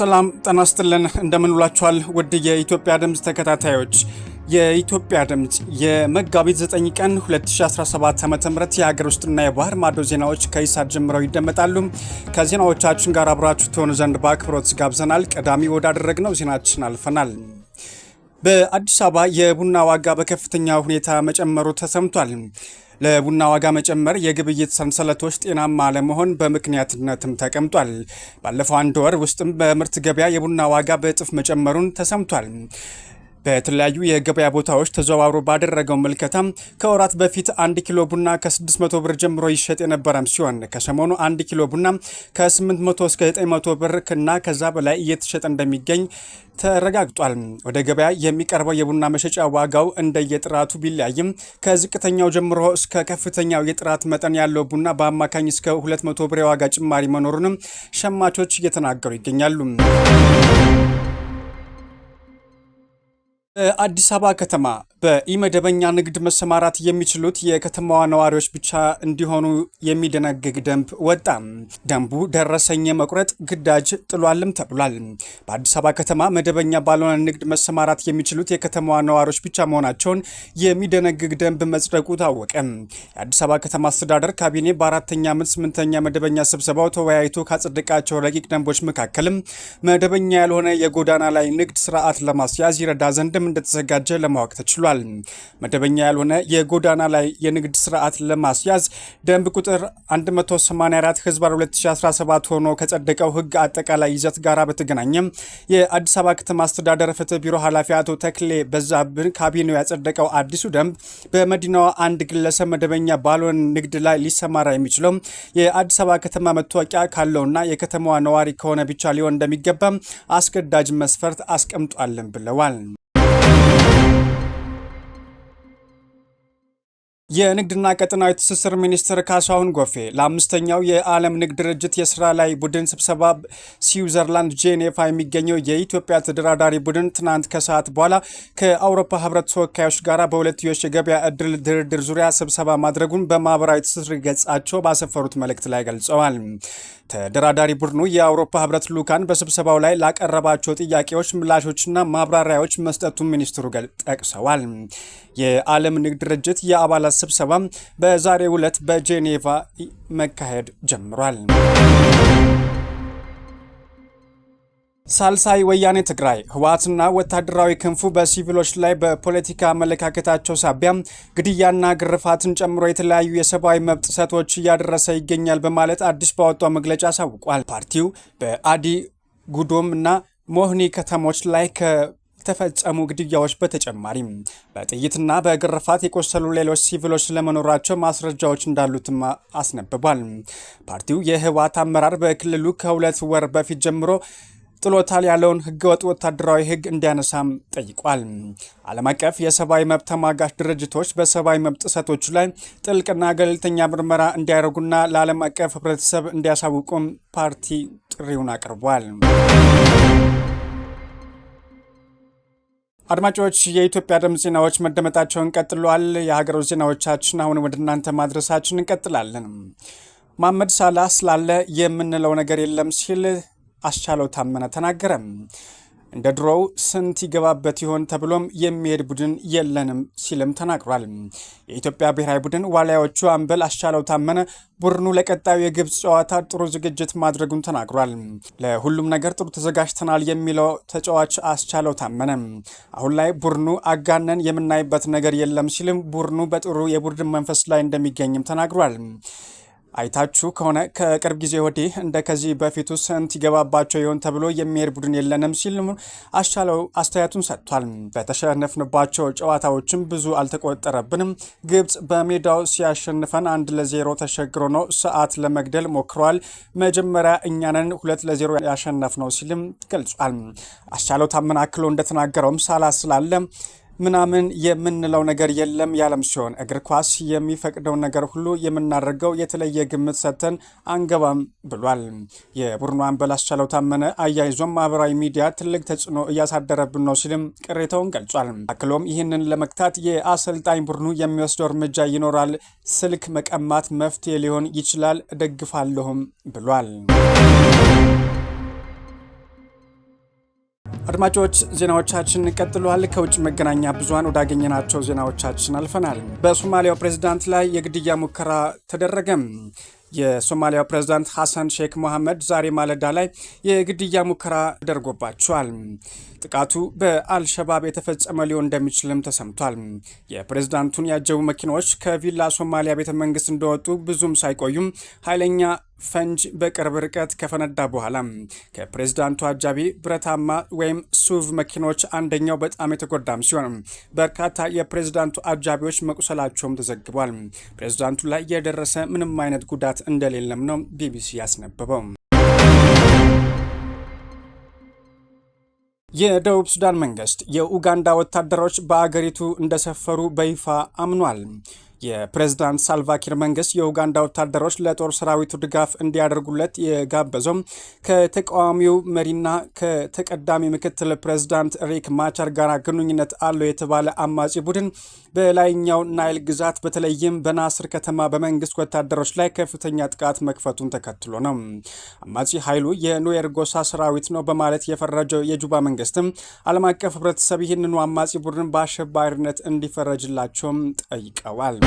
ሰላም ጤና ይስጥልን እንደምንውላችኋል ውድ የኢትዮጵያ ድምፅ ተከታታዮች የኢትዮጵያ ድምፅ የመጋቢት 9 ቀን 2017 ዓ.ም የሀገር ውስጥና የባህር ማዶ ዜናዎች ከኢሳት ጀምረው ይደመጣሉ። ከዜናዎቻችን ጋር አብራችሁ ትሆኑ ዘንድ በአክብሮት ጋብዘናል። ቀዳሚ ወዳደረግነው ዜናችን አልፈናል። በአዲስ አበባ የቡና ዋጋ በከፍተኛ ሁኔታ መጨመሩ ተሰምቷል። ለቡና ዋጋ መጨመር የግብይት ሰንሰለቶች ጤናማ አለመሆን በምክንያትነትም ተቀምጧል። ባለፈው አንድ ወር ውስጥም በምርት ገበያ የቡና ዋጋ በእጥፍ መጨመሩን ተሰምቷል። በተለያዩ የገበያ ቦታዎች ተዘዋውሮ ባደረገው መልከታ ከወራት በፊት አንድ ኪሎ ቡና ከ600 ብር ጀምሮ ይሸጥ የነበረም ሲሆን ከሰሞኑ አንድ ኪሎ ቡና ከ800 እስከ 900 ብር እና ከዛ በላይ እየተሸጠ እንደሚገኝ ተረጋግጧል። ወደ ገበያ የሚቀርበው የቡና መሸጫ ዋጋው እንደየጥራቱ ቢለያይም ከዝቅተኛው ጀምሮ እስከ ከፍተኛው የጥራት መጠን ያለው ቡና በአማካኝ እስከ 200 ብር የዋጋ ጭማሪ መኖሩንም ሸማቾች እየተናገሩ ይገኛሉ። በአዲስ አበባ ከተማ በኢመደበኛ ንግድ መሰማራት የሚችሉት የከተማዋ ነዋሪዎች ብቻ እንዲሆኑ የሚደነግግ ደንብ ወጣ። ደንቡ ደረሰኝ የመቁረጥ ግዳጅ ጥሏልም ተብሏል። በአዲስ አበባ ከተማ መደበኛ ባልሆነ ንግድ መሰማራት የሚችሉት የከተማዋ ነዋሪዎች ብቻ መሆናቸውን የሚደነግግ ደንብ መጽደቁ ታወቀ። የአዲስ አበባ ከተማ አስተዳደር ካቢኔ በአራተኛ ዓመት ስምንተኛ መደበኛ ስብሰባው ተወያይቶ ካጸደቃቸው ረቂቅ ደንቦች መካከልም መደበኛ ያልሆነ የጎዳና ላይ ንግድ ስርዓት ለማስያዝ ይረዳ ዘንድም እንደተዘጋጀ ለማወቅ ተችሏል። መደበኛ ያልሆነ የጎዳና ላይ የንግድ ስርዓት ለማስያዝ ደንብ ቁጥር 184 ህዝባር 2017 ሆኖ ከጸደቀው ህግ አጠቃላይ ይዘት ጋር በተገናኘም የአዲስ አበባ ከተማ አስተዳደር ፍትህ ቢሮ ኃላፊ አቶ ተክሌ በዛብን ካቢኔው ያጸደቀው አዲሱ ደንብ በመዲናዋ አንድ ግለሰብ መደበኛ ባልሆነ ንግድ ላይ ሊሰማራ የሚችለው የአዲስ አበባ ከተማ መታወቂያ ካለውና የከተማዋ ነዋሪ ከሆነ ብቻ ሊሆን እንደሚገባም አስገዳጅ መስፈርት አስቀምጧልን ብለዋል። የንግድና ቀጠናዊ ትስስር ሚኒስትር ካሳሁን ጎፌ ለአምስተኛው የዓለም ንግድ ድርጅት የስራ ላይ ቡድን ስብሰባ ስዊዘርላንድ ጄኔቫ የሚገኘው የኢትዮጵያ ተደራዳሪ ቡድን ትናንት ከሰዓት በኋላ ከአውሮፓ ሕብረት ተወካዮች ጋር በሁለትዮሽ የገበያ እድል ድርድር ዙሪያ ስብሰባ ማድረጉን በማህበራዊ ትስስር ገጻቸው ባሰፈሩት መልእክት ላይ ገልጸዋል። ተደራዳሪ ቡድኑ የአውሮፓ ሕብረት ልዑካን በስብሰባው ላይ ላቀረባቸው ጥያቄዎች ምላሾችና ማብራሪያዎች መስጠቱን ሚኒስትሩ ጠቅሰዋል። የዓለም ንግድ ድርጅት የአባላት ስብሰባም በዛሬው ዕለት በጄኔቫ መካሄድ ጀምሯል። ሳልሳይ ወያኔ ትግራይ ህወሓትና ወታደራዊ ክንፉ በሲቪሎች ላይ በፖለቲካ አመለካከታቸው ሳቢያ ግድያና ግርፋትን ጨምሮ የተለያዩ የሰብአዊ መብት ጥሰቶች እያደረሰ ይገኛል በማለት አዲስ ባወጣው መግለጫ አሳውቋል። ፓርቲው በአዲ ጉዶም እና ሞህኒ ከተሞች ላይ ተፈጸሙ ግድያዎች በተጨማሪም በጥይትና በግርፋት የቆሰሉ ሌሎች ሲቪሎች ለመኖራቸው ማስረጃዎች እንዳሉትም አስነብቧል። ፓርቲው የህወሓት አመራር በክልሉ ከሁለት ወር በፊት ጀምሮ ጥሎታል ያለውን ህገወጥ ወታደራዊ ህግ እንዲያነሳም ጠይቋል። ዓለም አቀፍ የሰብአዊ መብት ተሟጋች ድርጅቶች በሰብአዊ መብት ጥሰቶች ላይ ጥልቅና ገለልተኛ ምርመራ እንዲያደርጉና ለዓለም አቀፍ ህብረተሰብ እንዲያሳውቁም ፓርቲ ጥሪውን አቅርቧል። አድማጮች የኢትዮጵያ ድምፅ ዜናዎች መደመጣቸውን ቀጥሏል። የሀገር ዜናዎቻችን አሁን ወደ እናንተ ማድረሳችን እንቀጥላለን። መሐመድ ሳላህ ስላለ የምንለው ነገር የለም ሲል አስቻለው ታመነ ተናገረም። እንደ ድሮው ስንት ይገባበት ይሆን ተብሎም የሚሄድ ቡድን የለንም ሲልም ተናግሯል። የኢትዮጵያ ብሔራዊ ቡድን ዋልያዎቹ አምበል አሻለው ታመነ ቡድኑ ለቀጣዩ የግብፅ ጨዋታ ጥሩ ዝግጅት ማድረጉን ተናግሯል። ለሁሉም ነገር ጥሩ ተዘጋጅተናል የሚለው ተጫዋች አስቻለው ታመነ አሁን ላይ ቡድኑ አጋነን የምናይበት ነገር የለም ሲልም ቡድኑ በጥሩ የቡድን መንፈስ ላይ እንደሚገኝም ተናግሯል። አይታችሁ ከሆነ ከቅርብ ጊዜ ወዲህ እንደ ከዚህ በፊቱ ስንት ይገባባቸው ይሆን ተብሎ የሚሄድ ቡድን የለንም ሲል አሻለው አስተያየቱን ሰጥቷል። በተሸነፍንባቸው ጨዋታዎችም ብዙ አልተቆጠረብንም። ግብፅ በሜዳው ሲያሸንፈን አንድ ለዜሮ ተሸግሮ ነው። ሰዓት ለመግደል ሞክሯል መጀመሪያ እኛንን ሁለት ለዜሮ ያሸነፍ ነው ሲልም ገልጿል። አሻለው ታመናክሎ እንደተናገረውም ሳላ ስላለ ምናምን የምንለው ነገር የለም ያለም ሲሆን እግር ኳስ የሚፈቅደውን ነገር ሁሉ የምናደርገው የተለየ ግምት ሰጥተን አንገባም ብሏል። የቡድኑ አምበል አስቻለው ታመነ አያይዞም ማህበራዊ ሚዲያ ትልቅ ተጽዕኖ እያሳደረብን ነው ሲልም ቅሬታውን ገልጿል። አክሎም ይህንን ለመግታት የአሰልጣኝ ቡድኑ የሚወስደው እርምጃ ይኖራል፣ ስልክ መቀማት መፍትሄ ሊሆን ይችላል፣ ደግፋለሁም ብሏል። አድማጮች ዜናዎቻችን ቀጥሏል። ከውጭ መገናኛ ብዙሃን ወዳገኘናቸው ዜናዎቻችን አልፈናል። በሶማሊያው ፕሬዝዳንት ላይ የግድያ ሙከራ ተደረገም። የሶማሊያው ፕሬዝዳንት ሐሰን ሼክ ሞሐመድ ዛሬ ማለዳ ላይ የግድያ ሙከራ ተደርጎባቸዋል። ጥቃቱ በአልሸባብ የተፈጸመ ሊሆን እንደሚችልም ተሰምቷል። የፕሬዝዳንቱን ያጀቡ መኪናዎች ከቪላ ሶማሊያ ቤተ መንግስት እንደወጡ ብዙም ሳይቆዩም ኃይለኛ ፈንጅ በቅርብ ርቀት ከፈነዳ በኋላ ከፕሬዝዳንቱ አጃቢ ብረታማ ወይም ሱቭ መኪኖች አንደኛው በጣም የተጎዳም ሲሆን በርካታ የፕሬዝዳንቱ አጃቢዎች መቁሰላቸውም ተዘግቧል። ፕሬዝዳንቱ ላይ የደረሰ ምንም አይነት ጉዳት እንደሌለም ነው ቢቢሲ ያስነበበው። የደቡብ ሱዳን መንግስት የኡጋንዳ ወታደሮች በአገሪቱ እንደሰፈሩ በይፋ አምኗል። የፕሬዝዳንት ሳልቫኪር መንግስት የኡጋንዳ ወታደሮች ለጦር ሰራዊቱ ድጋፍ እንዲያደርጉለት የጋበዘው ከተቃዋሚው መሪና ከተቀዳሚ ምክትል ፕሬዝዳንት ሪክ ማቻር ጋር ግንኙነት አለው የተባለ አማጺ ቡድን በላይኛው ናይል ግዛት በተለይም በናስር ከተማ በመንግስት ወታደሮች ላይ ከፍተኛ ጥቃት መክፈቱን ተከትሎ ነው። አማጺ ኃይሉ የኑዌር ጎሳ ሰራዊት ነው በማለት የፈረጀው የጁባ መንግስትም ዓለም አቀፍ ህብረተሰብ ይህንኑ አማጺ ቡድን በአሸባሪነት እንዲፈረጅላቸውም ጠይቀዋል።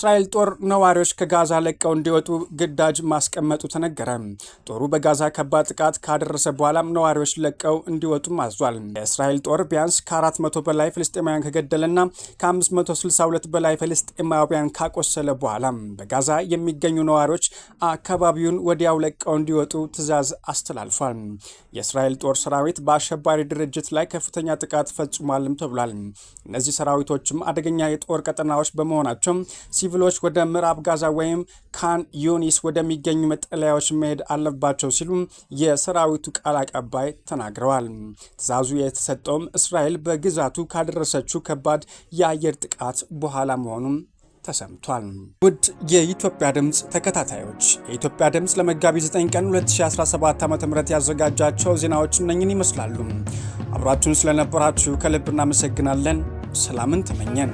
የእስራኤል ጦር ነዋሪዎች ከጋዛ ለቀው እንዲወጡ ግዳጅ ማስቀመጡ ተነገረ። ጦሩ በጋዛ ከባድ ጥቃት ካደረሰ በኋላም ነዋሪዎች ለቀው እንዲወጡ አዟል። የእስራኤል ጦር ቢያንስ ከ400 በላይ ፍልስጤማውያን ከገደለና ከ562 በላይ ፍልስጤማውያን ካቆሰለ በኋላ በጋዛ የሚገኙ ነዋሪዎች አካባቢውን ወዲያው ለቀው እንዲወጡ ትዕዛዝ አስተላልፏል። የእስራኤል ጦር ሰራዊት በአሸባሪ ድርጅት ላይ ከፍተኛ ጥቃት ፈጽሟልም ተብሏል። እነዚህ ሰራዊቶችም አደገኛ የጦር ቀጠናዎች በመሆናቸው ሲቪሎች ወደ ምዕራብ ጋዛ ወይም ካን ዩኒስ ወደሚገኙ መጠለያዎች መሄድ አለባቸው ሲሉም የሰራዊቱ ቃል አቀባይ ተናግረዋል። ትዕዛዙ የተሰጠውም እስራኤል በግዛቱ ካደረሰችው ከባድ የአየር ጥቃት በኋላ መሆኑም ተሰምቷል። ውድ የኢትዮጵያ ድምፅ ተከታታዮች የኢትዮጵያ ድምፅ ለመጋቢት 9 ቀን 2017 ዓ ም ያዘጋጃቸው ዜናዎች እነኝን ይመስላሉ። አብራችሁን ስለነበራችሁ ከልብ እናመሰግናለን። ሰላምን ተመኘን።